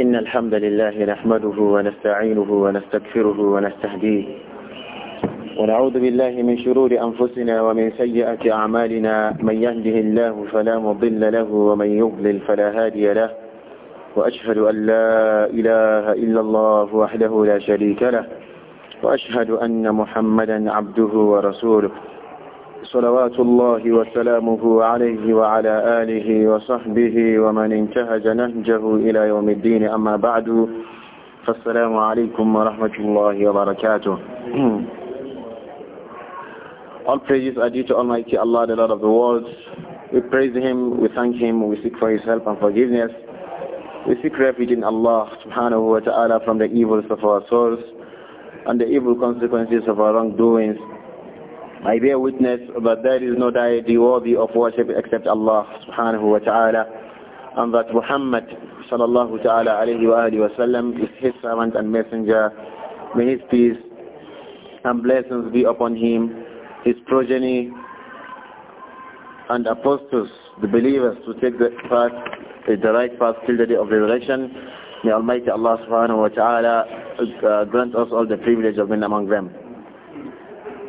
إن الحمد لله نحمده ونستعينه ونستغفره ونستهديه ونعوذ بالله من شرور أنفسنا ومن سيئة أعمالنا من يهده الله فلا مضل له ومن يضلل فلا هادي له وأشهد أن لا إله إلا الله وحده لا شريك له وأشهد أن محمدا عبده ورسوله صلوات الله وسلامه عليه وعلى آله وصحبه ومن انتهج نهجه إلى يوم الدين أما بعد فالسلام عليكم ورحمة الله وبركاته All praises are due to Almighty Allah, the Lord of the worlds. We praise Him, we thank Him, we seek for His help and forgiveness. We seek refuge in Allah subhanahu wa ta'ala from the evils of our souls and the evil consequences of our wrongdoings. I bear witness that there is no deity worthy of worship except Allah subhanahu wa ta'ala and that Muhammad sallallahu ta'ala alayhi wa alayhi wa sallam is his servant and messenger. May his peace and blessings be upon him, his progeny and apostles, the believers to take the path, the right path till the day of resurrection. May Almighty Allah subhanahu wa ta'ala uh, grant us all the privilege of being among them.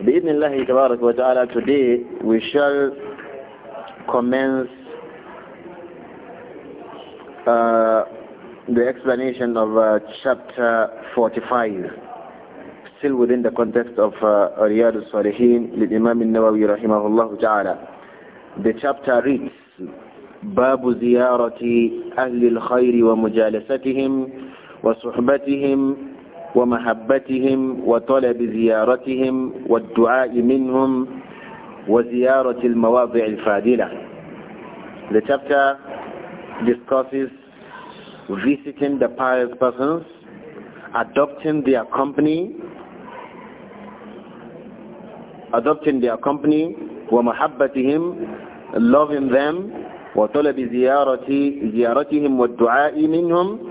Bi'idnillahi tabarak wa ta'ala, today we shall commence uh, the explanation of uh, chapter 45, still within the context of uh, Salihin, al Imam al-Nawawi rahimahullah ta'ala. The chapter reads, باب زيارة أهل الخير ومجالستهم وصحبتهم ومحبتهم وطلب زيارتهم والدعاء منهم وزيارة المواضع الفاضلة. The chapter discusses visiting the pious persons, adopting their company, adopting their company ومحبتهم loving them وطلب زيارتهم والدعاء منهم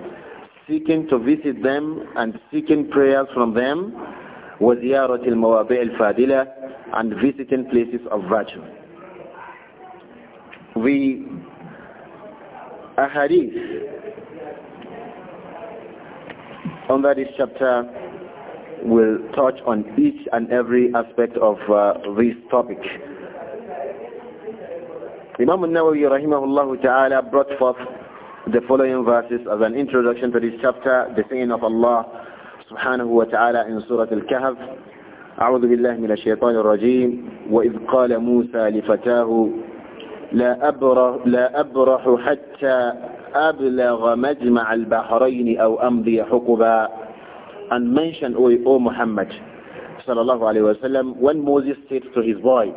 seeking to visit them and seeking prayers from them, وزيارة المواضع الفاضلة and visiting places of virtue. The ahadith under this chapter will touch on each and every aspect of uh, this topic. Imam al-Nawawi rahimahullah ta'ala brought forth the following verses as an introduction to this chapter, the saying of Allah subhanahu wa ta'ala in Surah Al-Kahf, أعوذ بالله من الشيطان الرجيم وإذ قال موسى لفتاه لا أبرح, لا أبرح حتى أبلغ مجمع البحرين أو أمضي حقبا and mention O, o Muhammad when Moses said to his boy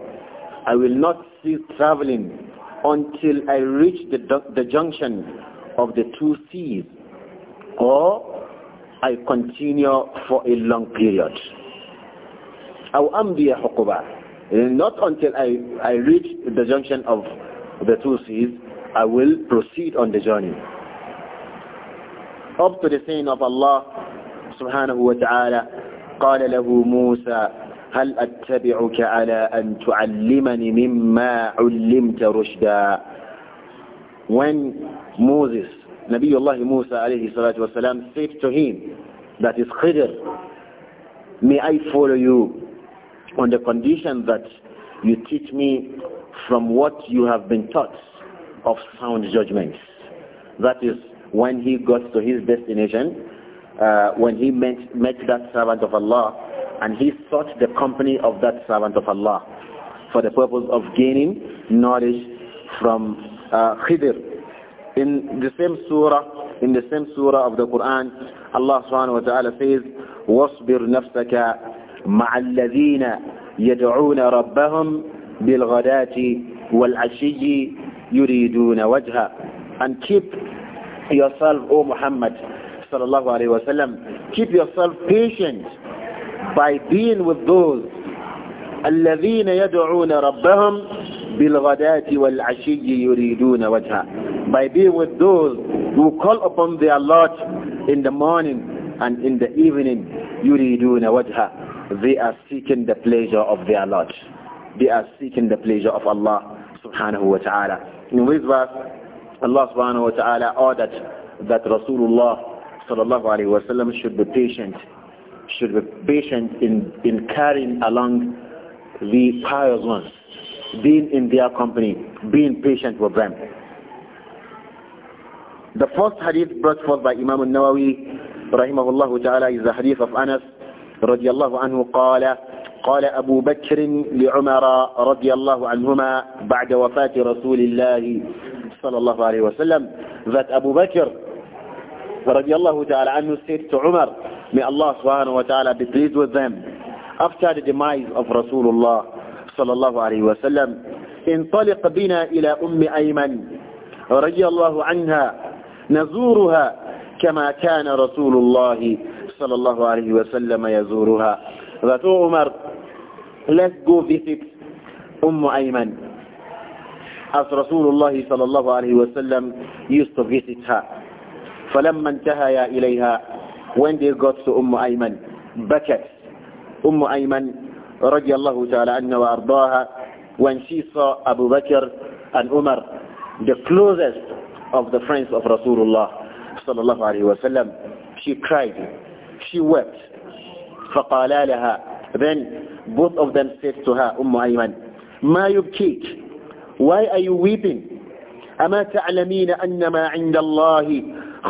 I will not cease traveling until I reach the, the junction of the two seas or I continue for a long period. not until I, I reach the junction of the two seas I will proceed on the journey up to the saying of Allah subhanahu wa ta'ala قال له موسى هل أتبعك على أن تعلمني مما علمت رشدا when Moses, Nabiullah Musa alayhi salatu wasalam, said to him, that is Khidr, may I follow you on the condition that you teach me from what you have been taught of sound judgments. That is when he got to his destination, uh, when he met, met that servant of Allah, and he sought the company of that servant of Allah for the purpose of gaining knowledge from uh, In the same surah, in the same surah of the Quran, Allah subhanahu wa ta'ala says, وَاصْبِرْ نَفْسَكَ مَعَ الَّذِينَ يَدْعُونَ رَبَّهُمْ بِالْغَدَاةِ وَالْعَشِيِّ يُرِيدُونَ وَجْهَ And keep yourself, O Muhammad sallallahu alayhi wa sallam, keep yourself patient by being with those الَّذِينَ يَدْعُونَ رَبَّهُمْ بِالْغَدَاتِ وَالْعَشِيِّ يُرِيدُونَ By being with those who call upon their Lord in the morning and in the evening, يُرِيدُونَ وَجْهَا They are seeking the pleasure of their Lord. They are seeking the pleasure of Allah subhanahu wa ta'ala. In this verse, Allah subhanahu wa ta'ala ordered that Rasulullah sallallahu alayhi wa sallam should be patient, should be patient in, in carrying along the pious ones being in their company, being patient with them. The first hadith brought forth by Imam al-Nawawi rahimahullah ta'ala is the hadith of Anas رضي الله عنه قال قال أبو بكر لعمر رضي الله عنهما بعد وفاة رسول الله صلى الله عليه وسلم that Abu Bakr رضي الله تعالى عنه said to Umar may Allah سبحانه وتعالى be pleased with them after the demise of Rasulullah صلى الله عليه وسلم انطلق بنا إلى أم أيمن رضي الله عنها نزورها كما كان رسول الله صلى الله عليه وسلم يزورها That عمر let's go visit أم أيمن as الله صلى الله عليه وسلم used to visit her. فلما انتهى إليها when they got to أم أيمن بكت أم أيمن رضي الله تعالى عنه وأرضاها when she saw Abu Bakr and Umar the closest of the friends of Rasulullah صلى الله عليه وسلم she cried she wept فقالا لها then both of them said to her أم أيمن ما يبكيك why are you weeping أما تعلمين أن ما عند الله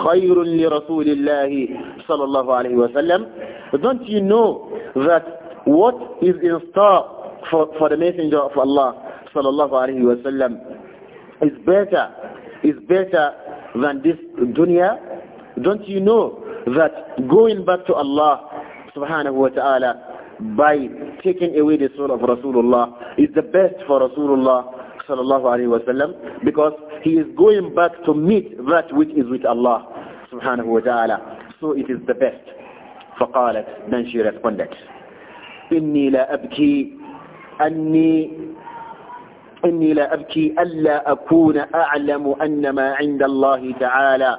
خير لرسول الله صلى الله عليه وسلم don't you know that what is in store for, for the messenger of Allah sallallahu alaihi wasallam is better is better than this dunya don't you know that going back to Allah subhanahu wa ta'ala by taking away the soul of Rasulullah is the best for Rasulullah sallallahu alaihi wasallam because he is going back to meet that which is with Allah subhanahu wa ta'ala so it is the best فقالت then she responded إني لا أبكي أني إني لا أبكي ألا أكون أعلم أن ما عند الله تعالى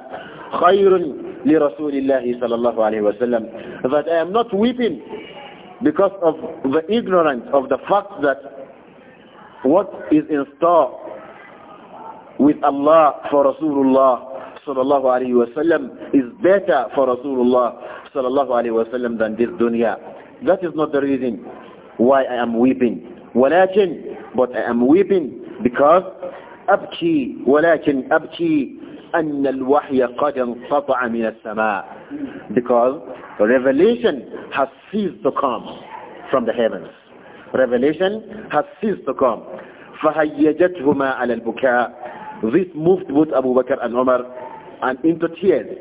خير لرسول الله صلى الله عليه وسلم that I am not weeping because of the ignorance of the fact that what is in store with Allah for Rasulullah صلى الله عليه وسلم is better for Rasulullah صلى الله عليه وسلم than this dunya. That is not the reason why I am weeping. ولكن but I am weeping because أبكي ولكن أبكي أن الوحي قد انقطع من السماء because revelation has ceased to come from the heavens revelation has ceased to come فهيجتهما على البكاء this moved both Abu Bakr and Umar and into tears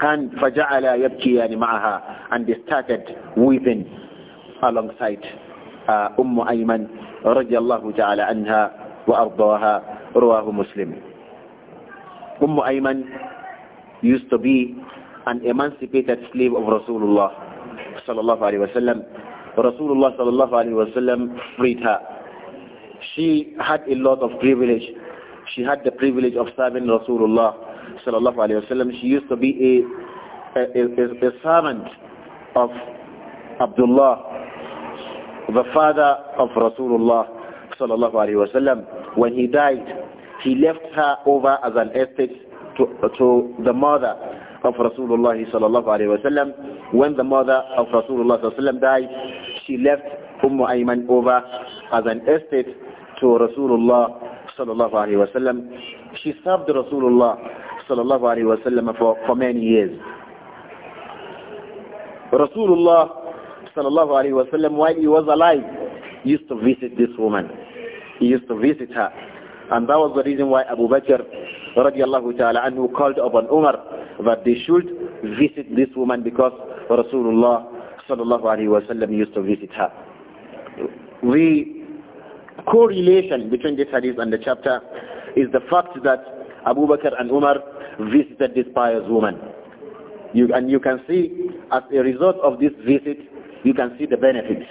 كان فجعل يبكي يعني معها and they started weeping alongside أم أيمن رضي الله تعالى عنها وأرضاها رواه مسلم أم أيمن used to be an emancipated slave of رسول الله صلى الله عليه وسلم رسول الله صلى الله عليه وسلم freed her she had a lot of privilege she had the privilege of serving رسول الله sallallahu alayhi she used to be a, a, a, a servant of Abdullah, the father of Rasulullah sallallahu alayhi When he died, he left her over as an estate to, to the mother of Rasulullah sallallahu alayhi When the mother of Rasulullah sallallahu alayhi died, she left Umm Ayman over as an estate to Rasulullah sallallahu alayhi She served Rasulullah sallallahu alaihi wasallam for, for many years. Rasulullah sallallahu alaihi wasallam, while he was alive, used to visit this woman. He used to visit her. And that was the reason why Abu Bakr radiallahu ta'ala anhu called upon Umar that they should visit this woman because Rasulullah sallallahu alaihi wasallam used to visit her. The correlation between this hadith and the chapter is the fact that Abu Bakr and Umar visited this pious woman. You, and you can see, as a result of this visit, you can see the benefits.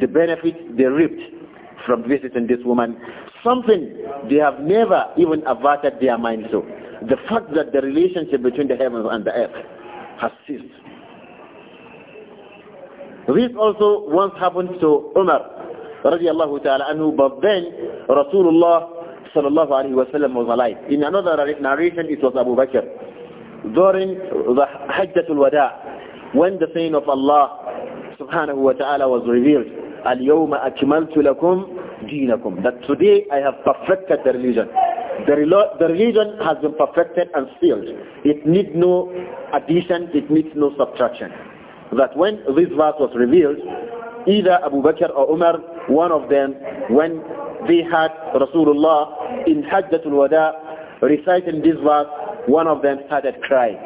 The benefits they reaped from visiting this woman. Something they have never even averted their mind to. The fact that the relationship between the heavens and the earth has ceased. This also once happened to Umar radiallahu ta'ala anhu, but then Rasulullah sallallahu alaihi wasallam was alive. In another narration, it was Abu Bakr. During the Hajjatul Wada, when the saying of Allah subhanahu wa ta'ala was revealed, اليوم أكملت لكم دينكم. That today I have perfected the religion. The, the religion has been perfected and sealed. It needs no addition, it needs no subtraction. That when this verse was revealed, either Abu Bakr or Umar, one of them, when they had Rasulullah in Hajjatul Wada reciting this verse, one of them started crying,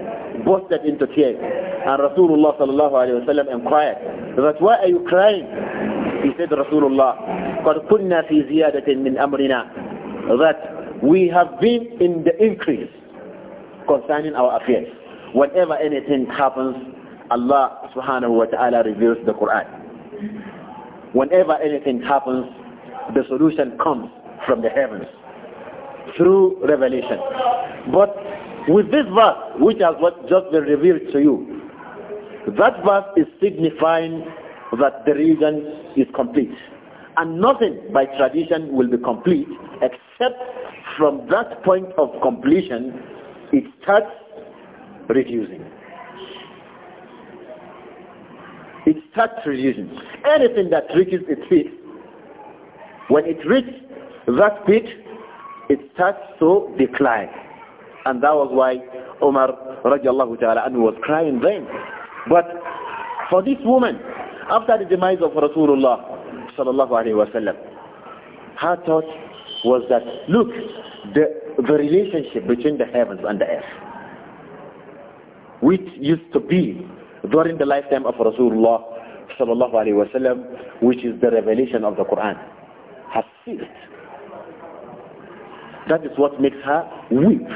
bursted into tears. And Rasulullah sallallahu alayhi wa sallam inquired, that why are you crying? He said, Rasulullah, قَدْ كُنَّا فِي زِيَادَةٍ مِّنْ أَمْرِنَا That we have been in the increase concerning our affairs. Whenever anything happens, Allah subhanahu wa ta'ala reveals the Quran. Whenever anything happens, the solution comes from the heavens through revelation. But with this verse, which has what just been revealed to you, that verse is signifying that the religion is complete. And nothing by tradition will be complete except from that point of completion, it starts reducing. It starts reducing. Anything that reaches its peak when it reached that pit, it starts to decline. And that was why Umar radiallahu ta'ala and was crying then. But for this woman, after the demise of Rasulullah sallallahu alayhi wa sallam, her thought was that, look, the, the relationship between the heavens and the earth, which used to be during the lifetime of Rasulullah sallallahu alayhi wa sallam, which is the revelation of the Quran see it. That is what makes her weep.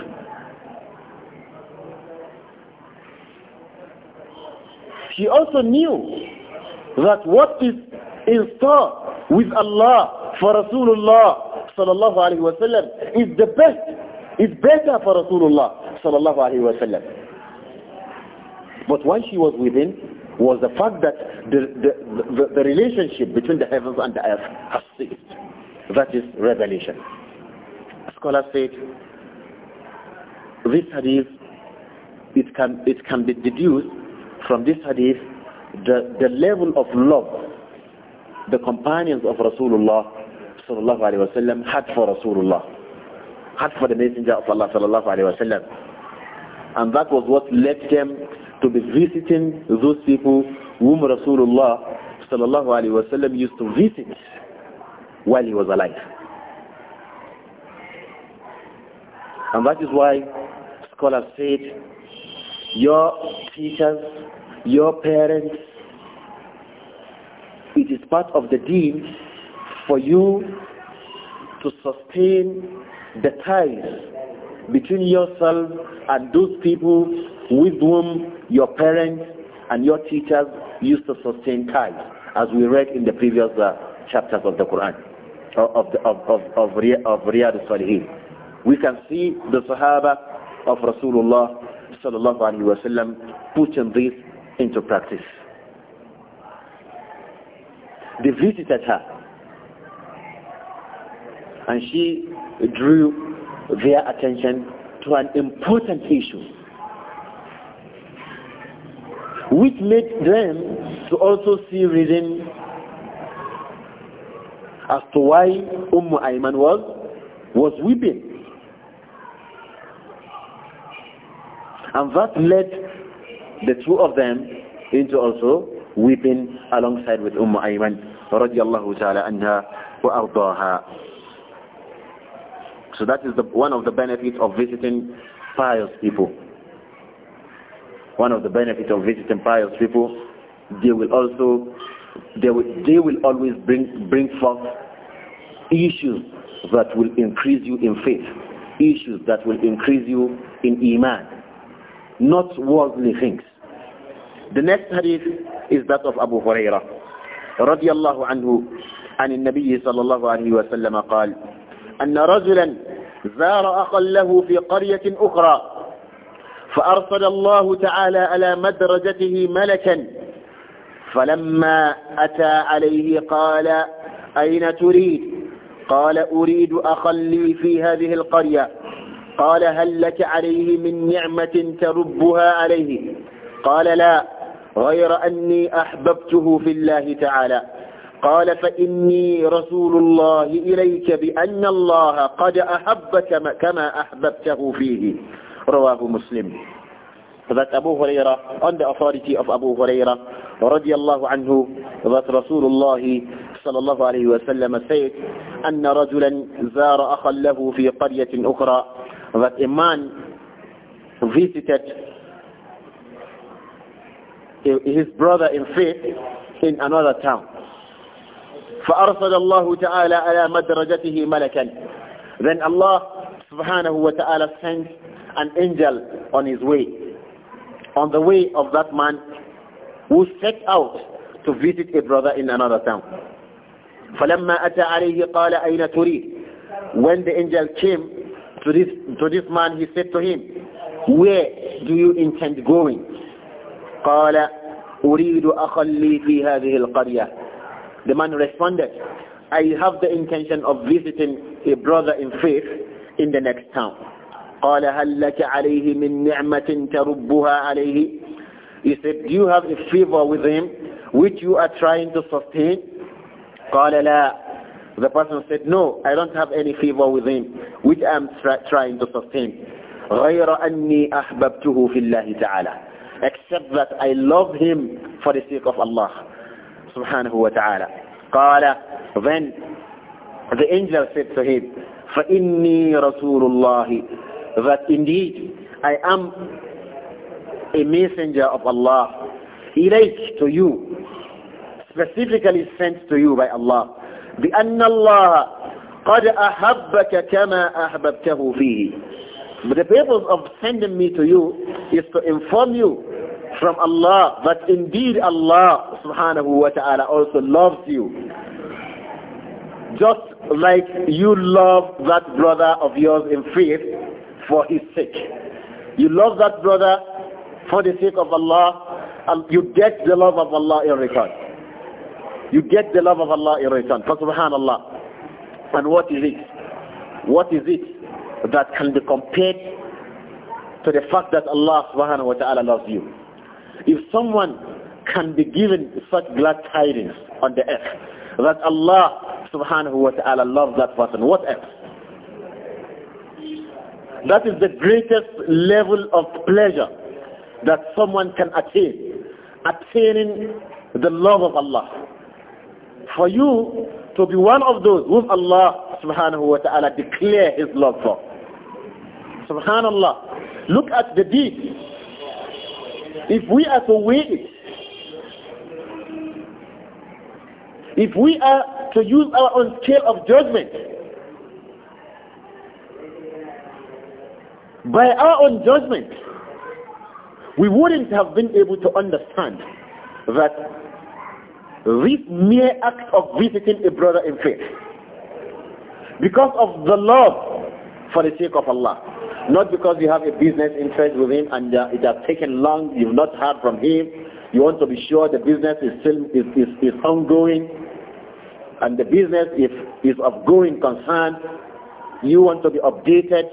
She also knew that what is in store with Allah for Rasulullah sallallahu alaihi wasallam is the best, is better for Rasulullah sallallahu alaihi wasallam. But why she was within was the fact that the, the, the, the relationship between the heavens and the earth has ceased. That is revelation. Scholars said this hadith it can it can be deduced from this hadith the, the level of love the companions of Rasulullah sallallahu alaihi wasallam had for Rasulullah had for the messenger of Allah sallallahu alaihi wasallam and that was what led them to be visiting those people whom Rasulullah sallallahu alaihi wasallam used to visit while he was alive. And that is why scholars said your teachers, your parents, it is part of the deen for you to sustain the ties between yourself and those people with whom your parents and your teachers used to sustain ties, as we read in the previous uh, chapters of the Quran of, the, of, of, of, of Riyadh Salihin. We can see the Sahaba of Rasulullah sallallahu alayhi wa sallam putting this into practice. They visited her and she drew their attention to an important issue which made them to also see reason as to why Umm Ayman was, was weeping. And that led the two of them into also weeping alongside with Umm Ayman radiallahu ta'ala anha wa ardaha. So that is the, one of the benefits of visiting pious people. One of the benefits of visiting pious people, they will also they will, they will always bring, bring forth issues that will increase you in faith, issues that will increase you in iman, not worldly things. The next hadith is that of Abu Hurairah رضي الله عنه عن النبي صلى الله عليه وسلم قال أن رجلا زار أخا له في قرية أخرى فأرسل الله تعالى على مدرجته ملكا فلما أتى عليه قال أين تريد قال أريد أخلي في هذه القرية قال هل لك عليه من نعمة تربها عليه قال لا غير أني أحببته في الله تعالى قال فإني رسول الله إليك بأن الله قد أحبك كما أحببته فيه رواه مسلم فذات أبو هريرة on the authority of أبو هريرة رضي الله عنه ذات رسول الله صلى الله عليه وسلم said أن رجلا زار أخا له في قرية أخرى that a man visited his brother in faith in another town فأرسل الله تعالى على مدرجته ملكا then Allah subhanahu wa ta'ala sent an angel on his way on the way of that man who set out to visit a brother in another town. فلما أتى عليه قال أين تريد When the angel came to this, to this man, he said to him, Where do you intend going? قال أريد أخلي في هذه القرية The man responded, I have the intention of visiting a brother in faith in the next town. قال هل لك عليه من نعمة تربها عليه he said, do you have a favor with him which you are trying to sustain? The person said, no, I don't have any favor with him which I'm trying to sustain. غير أني أحببته في الله تعالى. Except that I love him for the sake of Allah subhanahu wa ta'ala. قال Then the angel said to him, فإني رسول الله. That indeed I am a messenger of Allah. إِلَيْكَ to you. Specifically sent to you by Allah. بِأَنَّ اللَّهَ قَدْ أَحَبَّكَ كَمَا أَحْبَبْتَهُ فِيهِ But the purpose of sending me to you is to inform you from Allah that indeed Allah subhanahu wa ta'ala also loves you. Just like you love that brother of yours in faith for his sake. You love that brother for the sake of Allah, um, you get the love of Allah in return. You get the love of Allah in return. For subhanallah. And what is it? What is it that can be compared to the fact that Allah subhanahu wa ta'ala loves you? If someone can be given such glad tidings on the earth, that Allah subhanahu wa ta'ala loves that person, what else? That is the greatest level of pleasure that someone can attain. Attaining the love of Allah. For you to be one of those whom Allah subhanahu wa ta'ala declare his love for. Subhanallah. Look at the deed. If we are to weigh it, if we are to use our own scale of judgment, by our own judgment, we wouldn't have been able to understand that this mere act of visiting a brother in faith because of the love for the sake of Allah not because you have a business interest with him and uh, it has taken long you've not heard from him you want to be sure the business is still is, is, is ongoing and the business is is of going concern you want to be updated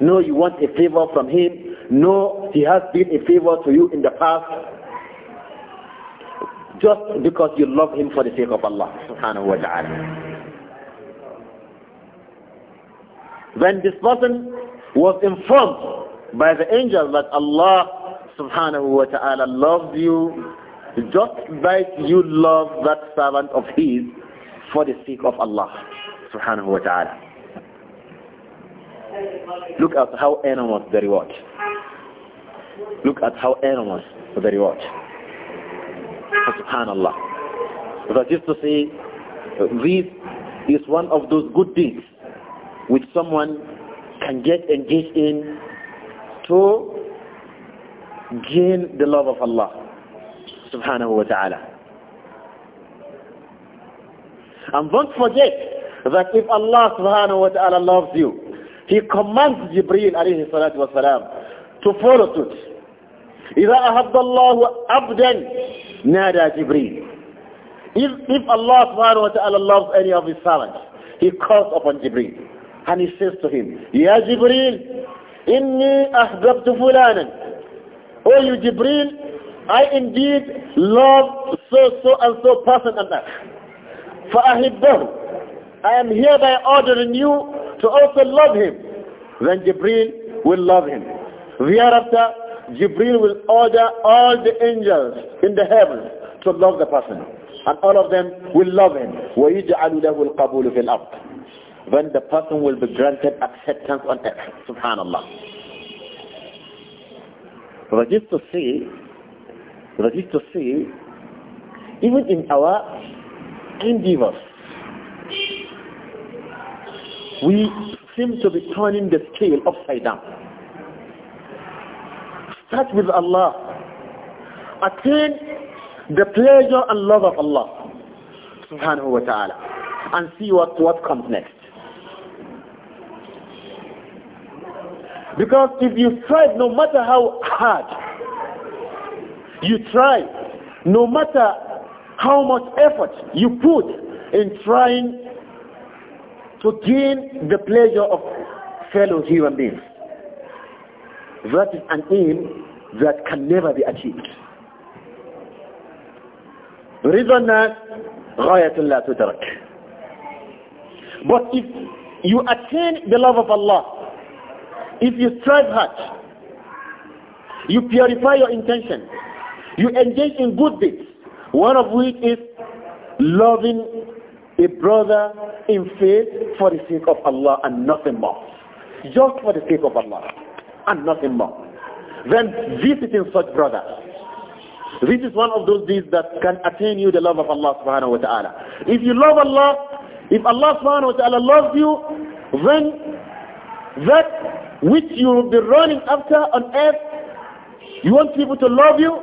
no, you want a favor from him. No, he has been a favor to you in the past. Just because you love him for the sake of Allah subhanahu wa ta'ala. When this person was informed by the angel that Allah subhanahu wa ta'ala loves you just like you love that servant of his for the sake of Allah subhanahu wa ta'ala. Look at how enormous the reward. Look at how enormous the reward. Subhanallah. Because just to say, this is one of those good deeds which someone can get engaged in to gain the love of Allah subhanahu wa ta'ala. And don't forget that if Allah subhanahu wa ta'ala loves you, he commands Jibreel alayhi salatu wasalam to follow suit. إذا أحب الله عبدا نادى جبريل if, if Allah subhanahu wa ta'ala loves any of his servants, he calls upon Jibreel and he says to him, Ya Jibreel, inni ahbabtu fulanan. O you Jibreel, I indeed love so so and so person and that. فأحبه. I am hereby ordering you to also love him, then Jibril will love him. Thereafter, Jibril will order all the angels in the heavens to love the person. And all of them will love him. وَيَجْعَلُ Then the person will be granted acceptance on earth. Subhanallah. just to say, just to say, even in our endeavors, we seem to be turning the scale upside down. Start with Allah. Attain the pleasure and love of Allah subhanahu wa ta'ala and see what, what comes next. Because if you strive, no matter how hard you try, no matter how much effort you put in trying to gain the pleasure of fellow human beings. That is an aim that can never be achieved. reason that غاية But if you attain the love of Allah, if you strive hard, you purify your intention, you engage in good deeds, one of which is loving a brother in faith for the sake of Allah and nothing more. Just for the sake of Allah and nothing more. Then visiting such brother. This is one of those deeds that can attain you the love of Allah subhanahu wa ta'ala. If you love Allah, if Allah subhanahu wa ta'ala loves you, then that which you will be running after on earth, you want people to love you,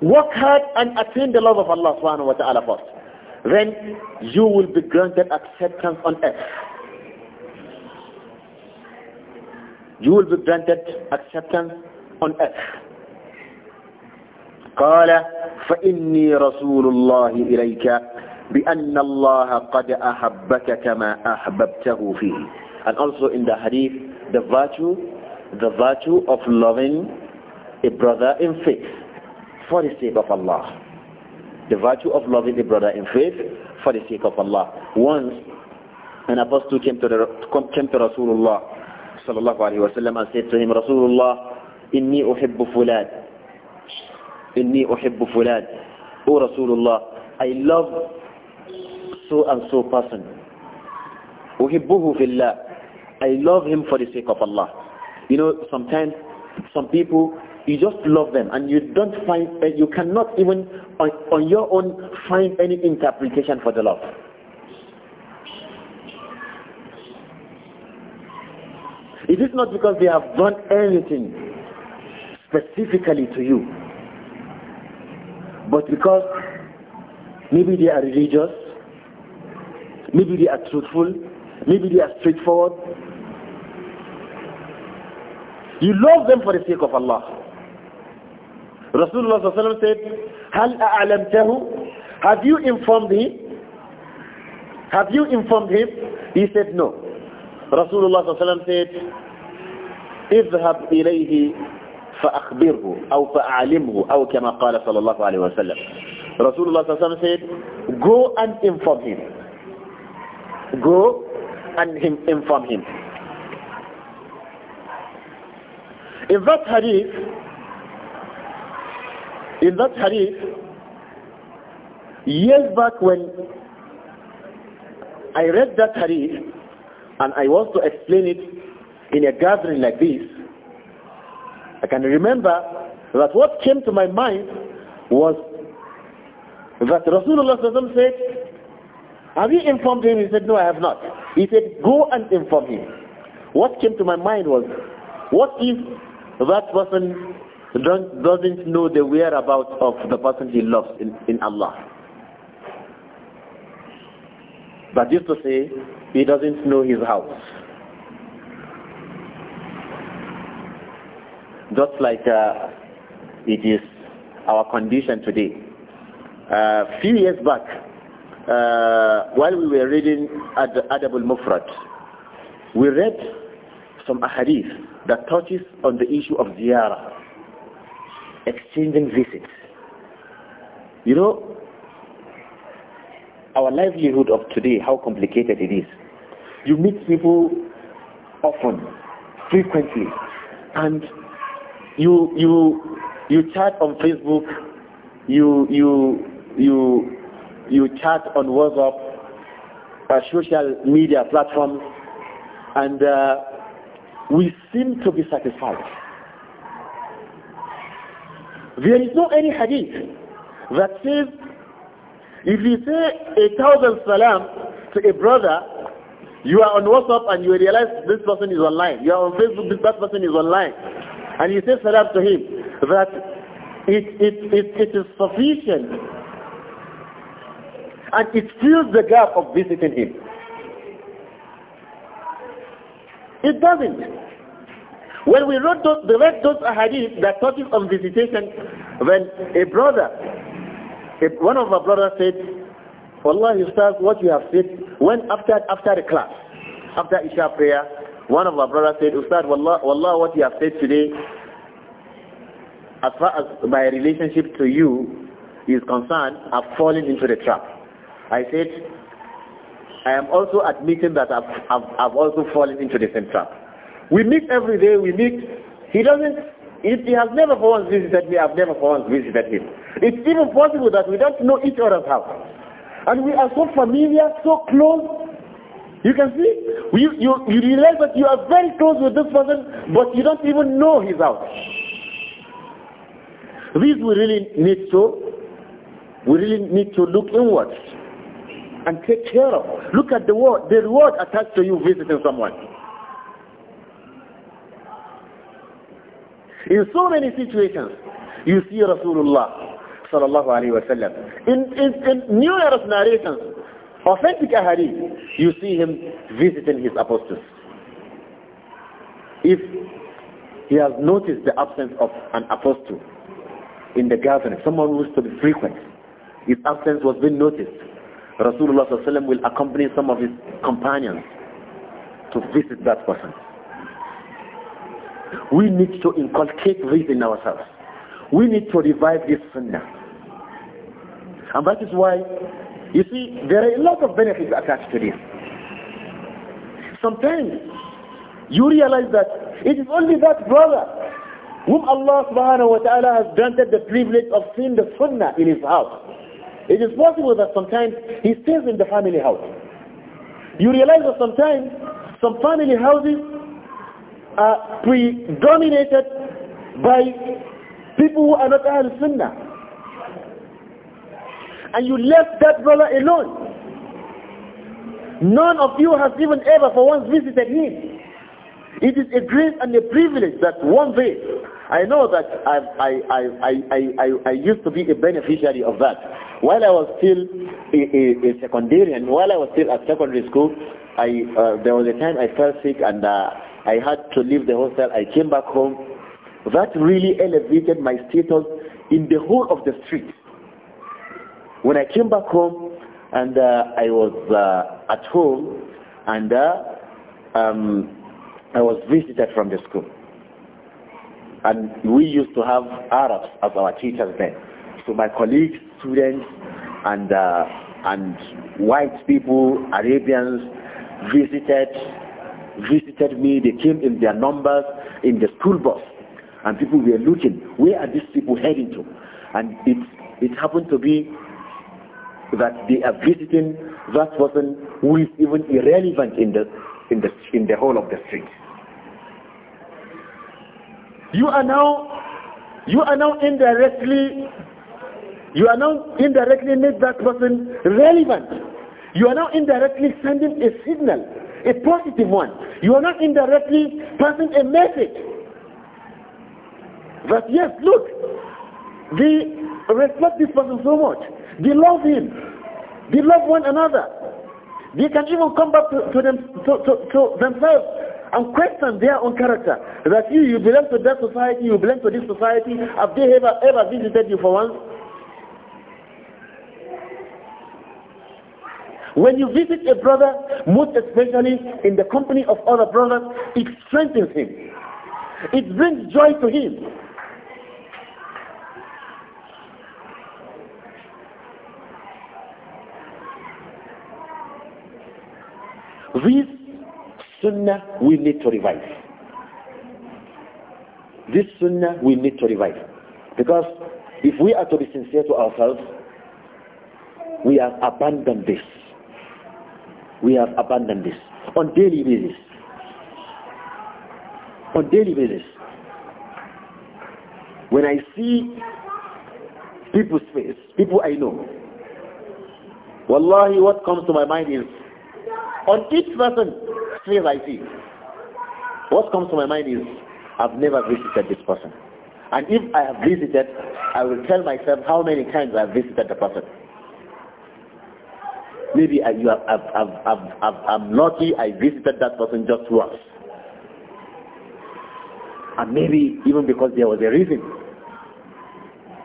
work hard and attain the love of Allah subhanahu wa ta'ala first then you will be granted acceptance on earth. You will be granted acceptance on earth. قال فإني رسول الله إليك بأن الله قد أحبك كما أحببته فيه and also in the hadith the virtue the virtue of loving a brother in faith for the sake of Allah the virtue of loving a brother in faith for the sake of Allah. Once an apostle came to, the, came to Rasulullah sallallahu alayhi wa sallam and said to him, Rasulullah, inni uhibbu fulad. Inni uhibbu fulad. O Rasulullah, I love so and so person. Uhibbuhu fillah. I love him for the sake of Allah. You know, sometimes some people you just love them and you don't find, eh, you cannot even on, on your own find any interpretation for the love. It is not because they have done anything specifically to you, but because maybe they are religious, maybe they are truthful, maybe they are straightforward. You love them for the sake of Allah. Rasulullah sallallahu said, Hal a'alamtahu? Have you informed him? Have you informed him? He said, no. Rasulullah sallallahu said, اذهب إليه فأخبره أو فأعلمه أو كما قال صلى الله عليه وسلم Rasulullah وسلم said, go and inform him. Go and him, inform him. In that hadith, in that hadith, years back when I read that hadith and I was to explain it in a gathering like this, I can remember that what came to my mind was that Rasulullah said, have you informed him? He said, no, I have not. He said, go and inform him. What came to my mind was, what if that person don't, doesn't know the whereabouts of the person he loves in, in Allah. just to say, he doesn't know his house. Just like uh, it is our condition today. A uh, few years back, uh, while we were reading Ad Adab al-Mufrad, we read some ahadith that touches on the issue of ziyarah exchanging visits. You know, our livelihood of today, how complicated it is. You meet people often, frequently, and you you you chat on Facebook, you you you you chat on WhatsApp, uh, social media platforms, and uh, we seem to be satisfied. There is no any hadith that says if you say a thousand salam to a brother, you are on WhatsApp and you realize this person is online. You are on Facebook, this that person is online. And you say salam to him. That it, it, it, it is sufficient. And it fills the gap of visiting him. It doesn't. When we read those, read those ahadith that talking on visitation, when a brother, one of our brothers said, "Allah Ustaz, what you have said, when after, after the class, after Isha prayer, one of our brothers said, Ustaz, Wallah, Wallah, what you have said today, as far as my relationship to you is concerned, I've fallen into the trap. I said, I am also admitting that I've, I've, I've also fallen into the same trap. We meet every day, we meet. He doesn't, he has never for once visited me, I've never for once visited him. It's even possible that we don't know each other's house. And we are so familiar, so close. You can see, you, you, you realize that you are very close with this person, but you don't even know his house. This we really need to, we really need to look inwards and take care of. Look at the reward, the reward attached to you visiting someone. In so many situations, you see Rasulullah sallallahu alayhi wa sallam. In, in, in numerous narrations, authentic ahadith, you see him visiting his apostles. If he has noticed the absence of an apostle in the gathering, someone who used to be frequent, his absence was being noticed. Rasulullah will accompany some of his companions to visit that person. We need to inculcate this in ourselves. We need to revive this sunnah. And that is why, you see, there are a lot of benefits attached to this. Sometimes you realize that it is only that brother whom Allah subhanahu wa ta'ala has granted the privilege of seeing the sunnah in his house. It is possible that sometimes he stays in the family house. You realize that sometimes some family houses are predominated by people who are not Ahl Sunnah. And you left that brother alone. None of you has even ever for once visited him. It is a grace and a privilege that one day, I know that I, I, I, I, I, I used to be a beneficiary of that. While I was still a, a, a secondary, and while I was still at secondary school, I, uh, there was a time I fell sick and uh, I had to leave the hostel. I came back home. That really elevated my status in the whole of the street. When I came back home and uh, I was uh, at home and uh, um, I was visited from the school. And we used to have Arabs as our teachers then. So my colleagues, students, and, uh, and white people, Arabians, visited visited me. They came in their numbers in the school bus. And people were looking, where are these people heading to? And it, it happened to be that they are visiting that person who is even irrelevant in the, in the, in the whole of the street. You are now, you are now indirectly, you are now indirectly make that person relevant. You are now indirectly sending a signal a positive one. You are not indirectly passing a message. But yes, look, they respect this person so much. They love him. They love one another. They can even come back to, to, them, to, to themselves and question their own character. That you, you belong to that society, you belong to this society. Have they ever, ever visited you for once? When you visit a brother, most especially in the company of other brothers, it strengthens him. It brings joy to him. This sunnah we need to revive. This sunnah we need to revive. Because if we are to be sincere to ourselves, we have abandoned this we have abandoned this on daily basis. On daily basis. When I see people's face, people I know, wallahi what comes to my mind is, on each person's face I see, what comes to my mind is, I've never visited this person. And if I have visited, I will tell myself how many times I have visited the person. Maybe I, you have, I've, I've, I've, I'm lucky I visited that person just once. And maybe even because there was a reason.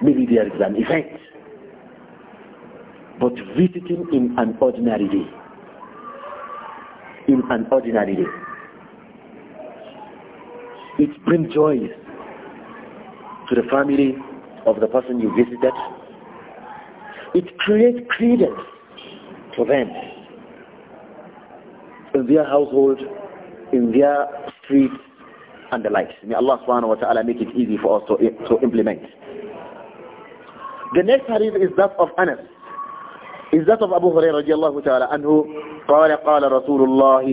Maybe there is an effect. But visiting in an ordinary day. In an ordinary day. It brings joy to the family of the person you visited. It creates credence for them. In their household, in their streets, and the likes. May Allah subhanahu wa ta'ala make it easy for us to, to implement. The next hadith is that of Anas. Is that of Abu Hurairah radiallahu ta'ala anhu. قال قال رسول الله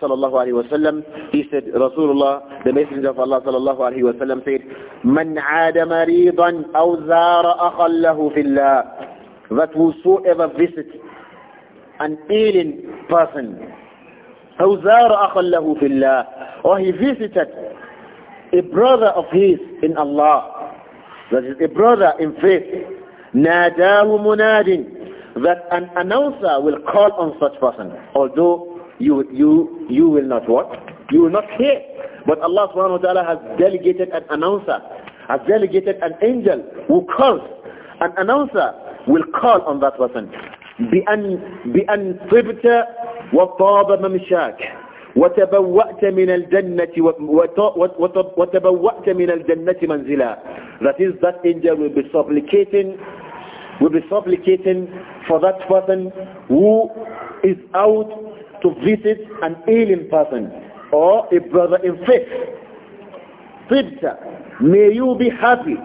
صلى الله عليه وسلم he said رسول الله the messenger of Allah صلى الله عليه وسلم said من عاد مريضا أو زار أخا له في الله that whosoever visits an alien person. أو زار أخا له or he visited a brother of his in Allah that is a brother in faith nadahu munadin, that an announcer will call on such person although you you you will not what you will not hear but Allah subhanahu wa ta'ala has delegated an announcer has delegated an angel who calls an announcer will call on that person بأن, بأن طبت وطاب ممشاك وتبوأت من الجنة وتبوأت من الجنة منزلا that is that angel will be supplicating will be supplicating for that person who is out to visit an ailing person or a brother in faith Tibta, may you be happy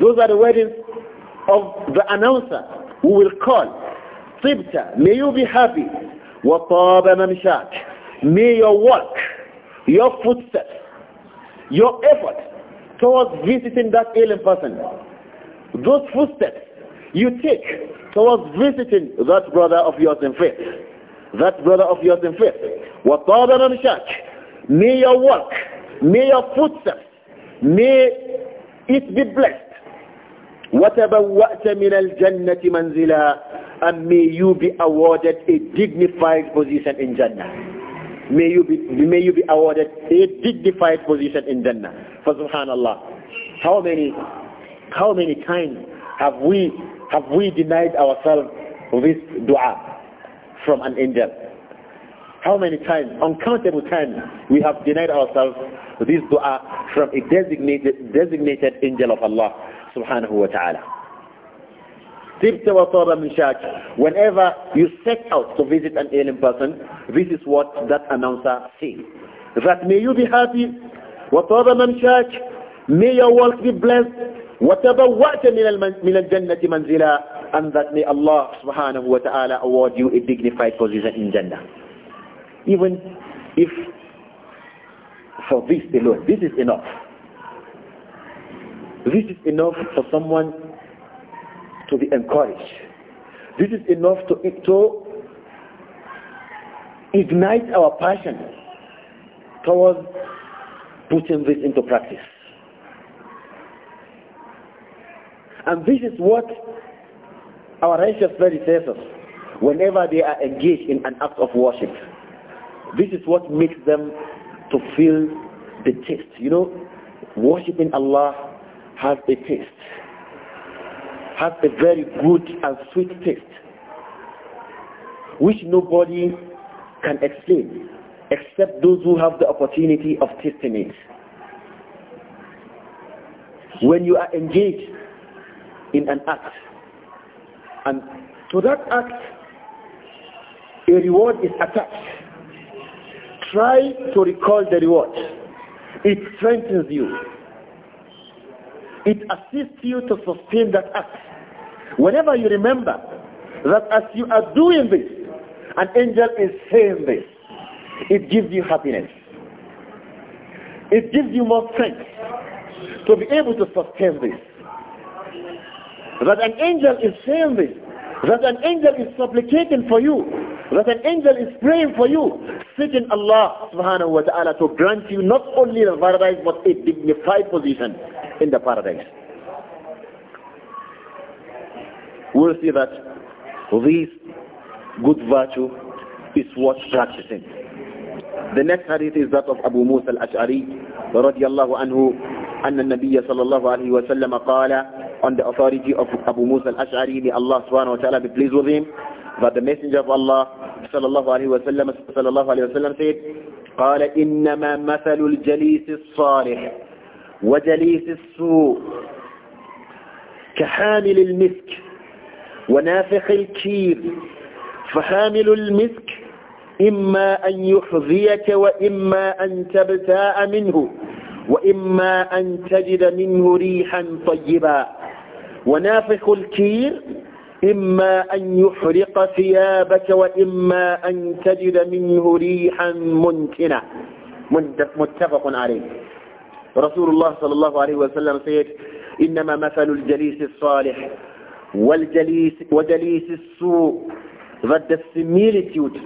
those are the words of the announcer who will call, Tibta, may you be happy. وَطَابَ مَمْشَاكَ May your walk, your footsteps, your effort towards visiting that ailing person, those footsteps you take towards visiting that brother of yours in faith, that brother of yours in faith, وَطَابَ مَمْشَاكَ May your walk, may your footsteps, may it be blessed وَتَبَوَّأْتَ مِنَ الْجَنَّةِ مَنْزِلًا And may you be awarded a dignified position in Jannah. May you be, may you be awarded a dignified position in Jannah. For subhanallah. How many, how many times have we, have we denied ourselves this dua from an angel? How many times, uncountable times, we have denied ourselves this dua from a designated, designated angel of Allah subhanahu wa ta'ala. Whenever you set out to visit an ailing person, this is what that announcer says. That may you be happy. وطاب church, May your work be blessed. وتبوأت من الجنة منزلا and that may Allah subhanahu wa ta'ala award you a dignified position in Jannah. Even if for this alone, this is enough. This is enough for someone to be encouraged. This is enough to, to ignite our passion towards putting this into practice. And this is what our righteous us whenever they are engaged in an act of worship, this is what makes them to feel the taste. You know, worshiping Allah has a taste, has a very good and sweet taste, which nobody can explain except those who have the opportunity of tasting it. When you are engaged in an act, and to that act, a reward is attached. Try to recall the reward. It strengthens you it assists you to sustain that act. Whenever you remember that as you are doing this, an angel is saying this, it gives you happiness. It gives you more strength to be able to sustain this. That an angel is saying this, that an angel is supplicating for you, that an angel is praying for you, seeking Allah subhanahu wa ta'ala to grant you not only the paradise but a dignified position in the paradise. We'll see that this good virtue is worth practicing. The next hadith is that of Abu Musa al-Ash'ari radiallahu anhu أن النبي صلى الله عليه وسلم قال on the authority of Abu Musa al-Ash'ari may Allah subhanahu wa ta'ala be pleased with him that the messenger of Allah صلى الله عليه وسلم صلى الله عليه وسلم سيد قال إنما مثل الجليس الصالح وجليس السوء كحامل المسك ونافخ الكير فحامل المسك إما أن يحذيك وإما أن تبتاء منه وإما أن تجد منه ريحا طيبا ونافخ الكير إما أن يحرق ثيابك وإما أن تجد منه ريحا منتنة متفق عليه رسول الله صلى الله عليه وسلم سيد إنما مثل الجليس الصالح والجليس وجليس السوء that the similitude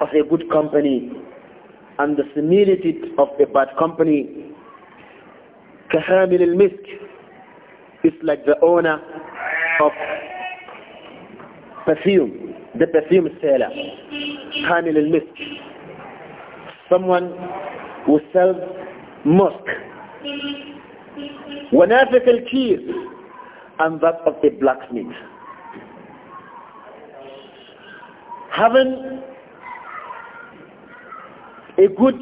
of a good company and the similitude of a bad company كحامل المسك is like the owner of perfume, the perfume seller, Hamil al-Misk, someone who sells musk, Wanafik al-Kir, and that of the blacksmith. Having a good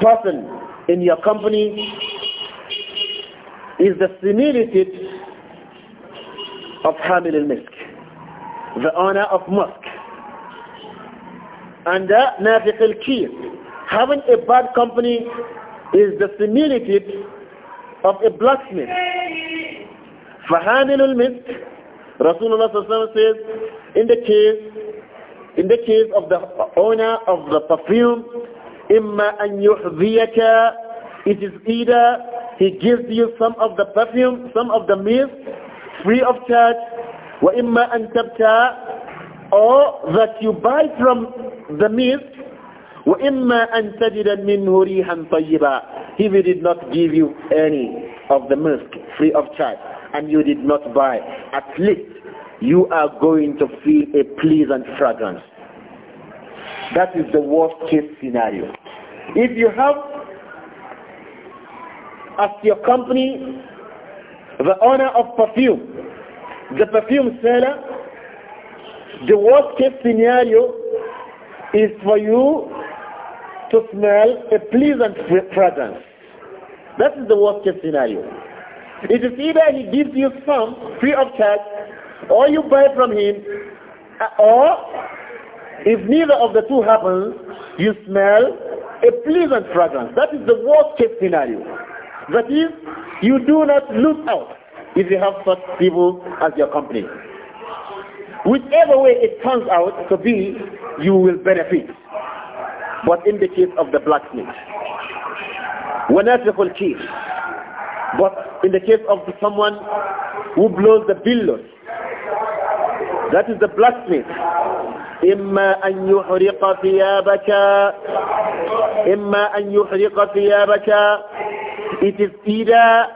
person in your company is the similitude of Hamil al-Misk the owner of mosque, and uh, Nafiq al-Kir. Having a bad company is the similitude of a blacksmith. فَحَامِلُ الْمِسْكِ Rasulullah sallallahu says, in the case, in the case of the owner of the perfume, imma an يُحْذِيَكَ It is either he gives you some of the perfume, some of the mist, free of charge, وإما أن or that you buy from the meat وإما أن تجد منه ريحا طيبا if he did not give you any of the milk free of charge and you did not buy at least you are going to feel a pleasant fragrance that is the worst case scenario if you have as your company the owner of perfume the perfume seller, the worst case scenario is for you to smell a pleasant fragrance. That is the worst case scenario. It is either he gives you some free of charge, or you buy from him, uh, or if neither of the two happens, you smell a pleasant fragrance. That is the worst case scenario. That is, you do not lose out if you have such people as your company. Whichever way it turns out to be, you will benefit. But in the case of the blacksmith, whole chief. But in the case of someone who blows the billows, that is the blacksmith. إما أن يحرق ثيابك إما أن يحرق ثيابك It is either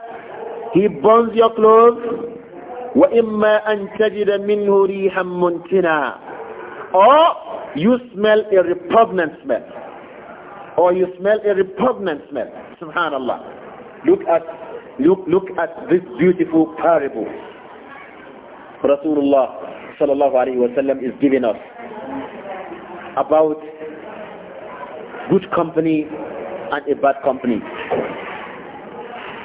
he burns your clothes. Or you smell a repugnant smell. Or you smell a repugnant smell. Subhanallah. Look at, look, look at this beautiful parable. Rasulullah sallallahu alayhi wasallam is giving us about good company and a bad company.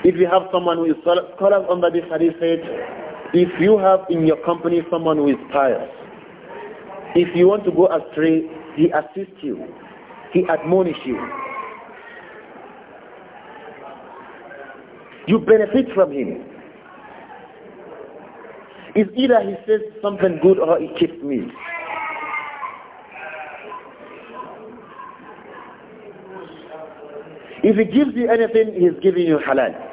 If you have someone who is scholars under this hadith if you have in your company someone who is pious, if you want to go astray, he assists you, he admonishes you. You benefit from him. It's either he says something good or he keeps me. If he gives you anything, he's giving you halal.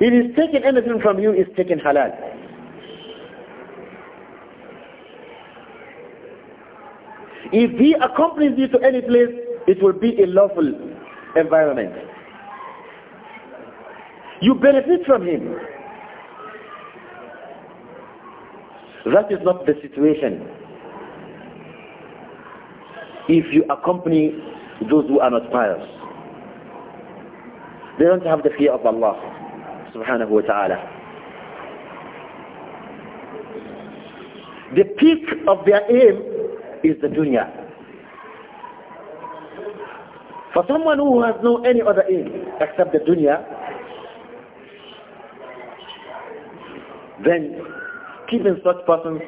It is taken anything from you is taken halal. If he accompanies you to any place, it will be a lawful environment. You benefit from him. That is not the situation. If you accompany those who are not pious, they don't have the fear of Allah subhanahu wa ta'ala. The peak of their aim is the dunya. For someone who has no any other aim except the dunya, then keeping such persons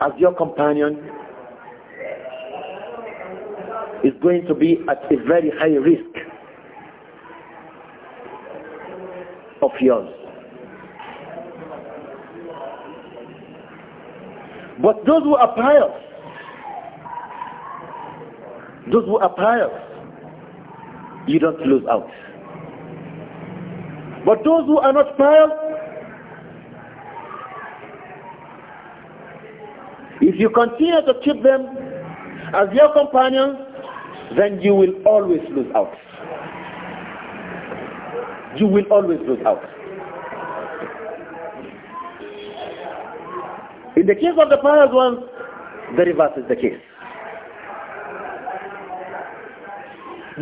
as your companion is going to be at a very high risk of yours. But those who are pious, those who are pious, you don't lose out. But those who are not pious, if you continue to keep them as your companions, then you will always lose out you will always lose out. In the case of the pious ones, the reverse is the case.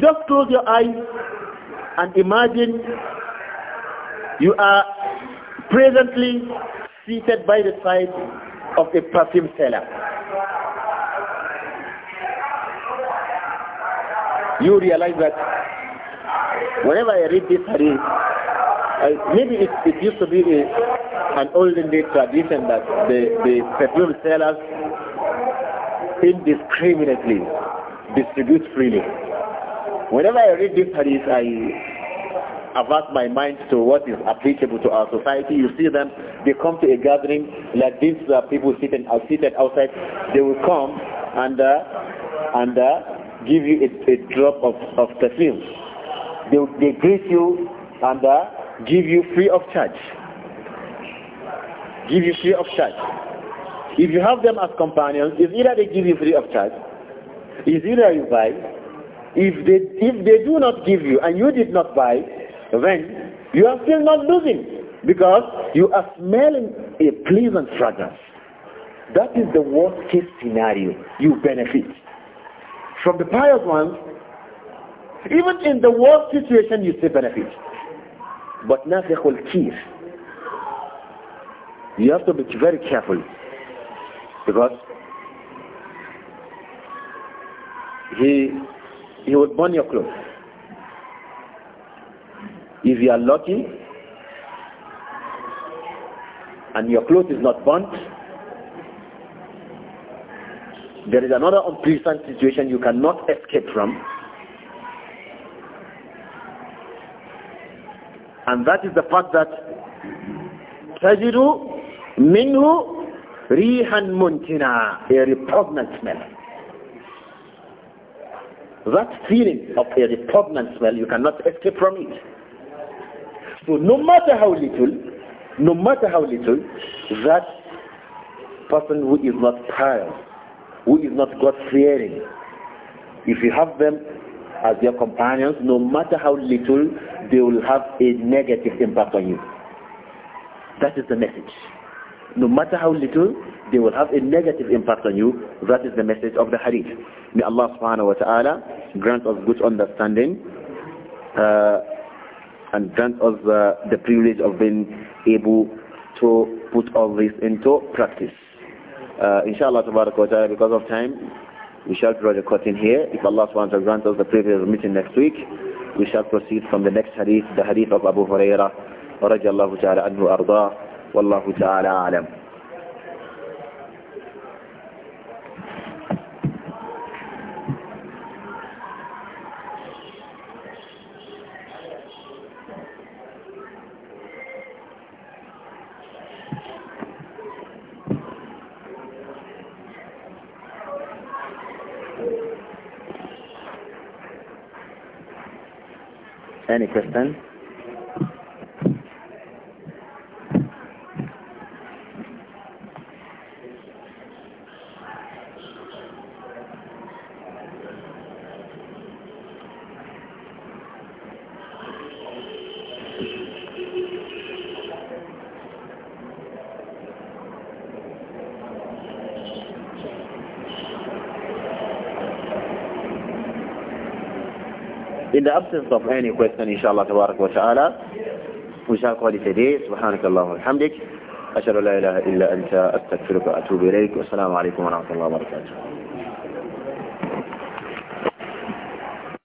Just close your eyes and imagine you are presently seated by the side of a perfume seller. You realize that Whenever I read this hadith, I, maybe it, it, used to be a, an olden day tradition that the, the perfume sellers indiscriminately distribute freely. Whenever I read this hadith, I avert my mind to what is applicable to our society. You see them, they come to a gathering like these uh, people sitting uh, seated outside. They will come and uh, and uh, give you a, a drop of, of perfume. They, they greet you and uh, give you free of charge. Give you free of charge. If you have them as companions, it's either they give you free of charge, it's either you buy. If they, if they do not give you and you did not buy, then you are still not losing because you are smelling a pleasant fragrance. That is the worst case scenario. You benefit. From the pious ones, even in the worst situation, you still benefit. But whole الكير. You have to be very careful because he he would burn your clothes. If you are lucky and your clothes is not burnt, there is another unpleasant situation you cannot escape from. And that is the fact that تَجِدُ minhu rihan muntina A repugnant smell. That feeling of a repugnant smell, you cannot escape from it. So no matter how little, no matter how little, that person who is not pious, who is not God-fearing, if you have them as your companions, no matter how little, they will have a negative impact on you. That is the message. No matter how little, they will have a negative impact on you. That is the message of the hadith. May Allah subhanahu wa ta'ala grant us good understanding uh, and grant us uh, the privilege of being able to put all this into practice. Uh, inshallah wa ta'ala, because of time, we shall draw the curtain here. If Allah subhanahu wa ta'ala grant us the privilege of meeting next week, we shall proceed from the next hadith, the hadith of Abu Hurairah, رضي الله تعالى عنه وأرضاه, والله تعالى أعلم. any questions? إذا صفحين يكويسن إن شاء الله تبارك وتعالى وشاكوا قولي سدي سبحانك اللهم وبحمدك أشهد أن لا إله إلا أنت أستغفرك وأتوب إليك والسلام عليكم ورحمة الله وبركاته